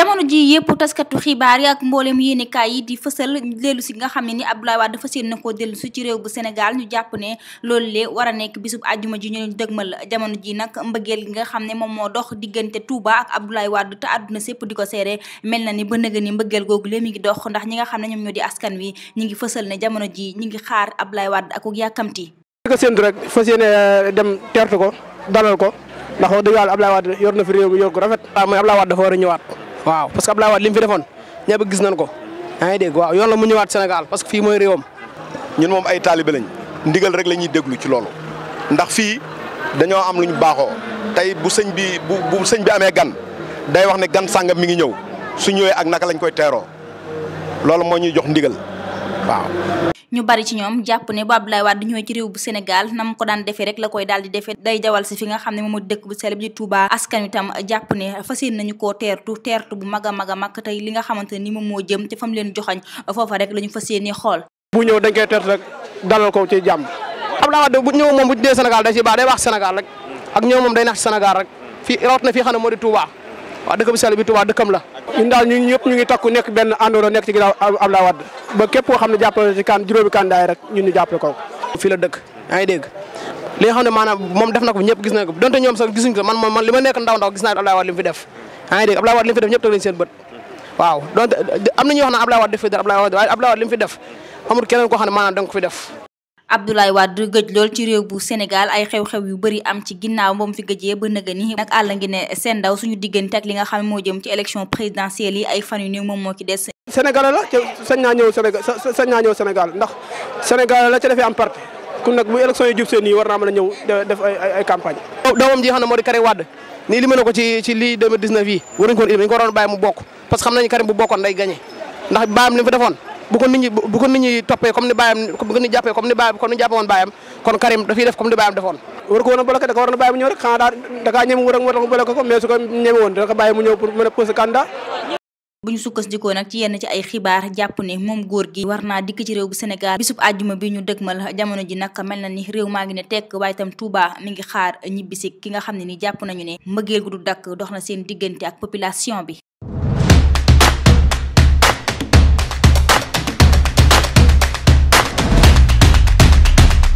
jamono ji yëpp taskatu xibaar yi ak mboolem kaay yi di fësal dellu si nga xam ne ni Abdoulaye Wade dafa seen na koo dellu si ci réew bu Sénégal ñu jàpp ne lool lee war a nekk bisub àjjuma ji ñu leen dëgmal jamono ji nag mbëggeel gi nga xam ne moom moo dox diggante Touba ak Abdoulaye Wade sépp di ko seere mel na ni ba ni mbëggeel googu lee mi ngi dox ndax ñi nga xam ne ñoom ñoo di askan wi ñi ngi fësal ne jamono ji ñu ngi xaar Abdoulaye waat ak yàkkamti ko séntu rek fas yéene eh, dem teertu ko dalal ko ndax wax dëgg yàlla Abdoulaye yor na fi réew mi yor ko rafet mooy Abdoulaye Wade dafa war a ñëwaat waaw parce que Abdoulaye Wade li mu fi defoon ñëpp gis nañ ko yaa ngi dégg waaw yoon la mu ñëwaat Sénégal parce que fii mooy réewam. ñun moom ay taalibe lañ ndigal rek la ñuy déglu ci loolu ndax fii dañoo am lu ñu baaxoo tey bu sëñ bi bu bu sëñ bi amee gan day wax ne gan sàngam mi ngi ñëw su ñëwee ak naka lañ koy teeroo loolu moo ñuy jox ndigal waaw. ñu bari ci ñoom jàpp ne bu Abdoulaye Wade ñëwee ci réew bu Sénégal nam ko daan defee rek la koy daal di defe day jawal si fi nga xam ne moom moo dëkk bu sell bi di Touba askan itam jàpp ne fas yéene nañu koo teertu bu mag a mag a mag li nga xamante ni moom moo jëm te fam leen joxañ foofa la ñu fas yéene xool bu ñëw dañ koy ko ci jàmm Abdoulaye Wade bu ñëw moom bu dee Sénégal day si baax day wax Sénégal rek ak ñëw moom day nax ci Sénégal rek fii rawat na fii xam ne moo di Touba waa dëkkam sell bi Touba dëkkam la ñun daal ñun ñëpp ñu ngi takku nekk benn àndoro nekk ci ginnaaw Abdoulaye Wade ba képp koo ne jàppale ci kan juróomi kandaay rek ñun ñu jàppale ko fii la dëkk yaa ngi dégg li nga xam ne maanaam moom def na ko ñëpp gis na ko donte ñoom sax gisuñ ko man moom man li ma nekk ndaw ndaw gis naa Abdoulaye Wade li mu fi def yaa dégg Abdoulaye Wade li mu fi def ñëpp keneen koo xam ne maanaam da fi def Abdoulaye Wade gëj lool ci réew bu Sénégal ay xew-xew yu bëri am ci ginnaaw moom fi gëjee ba nëga ni nag àll ngi ne seen ndaw suñu diggante ak li nga xam moo jëm ci élection présidentielle yi ay fan yu des Sénégalais la sañ naa ñëw Sénégal sañ naa ñëw Sénégal ndax Sénégalais la ca am parti kon nag bu élection yi jub nii war naa mën a ñëw def ay campagne doomam ji xam ne moo di Karim Wade nii li mën na ko ci ci lii 2019 yi waruñ ko waroon bàyyi mu bokk parce que xam nañu Karim bu bokkoon day gagné ndax baayam li mu bu ko nit ñi ko nit ñi comme ni bàyyam bu ko nit ñi jàppee comme ni bàyyam kon Karim dafiy def comme ni bàyyam defoon war ko woon a bloqué da ko war na bàyyi mu ñëw rek xanaa daal ñeme wu a ci yenn ci ay xibaar jàpp ne moom góor gi war naa dikk ci réew bu Sénégal bisub àjjuma bi ñu a jamono ji nag mel na ni réew maa ngi ne tekk waaye itam Touba mi ngi xaar ñibbisi ki nga xam ne ni jàpp nañu ne mbëggeel gu du dakk dox na seen diggante ak population bi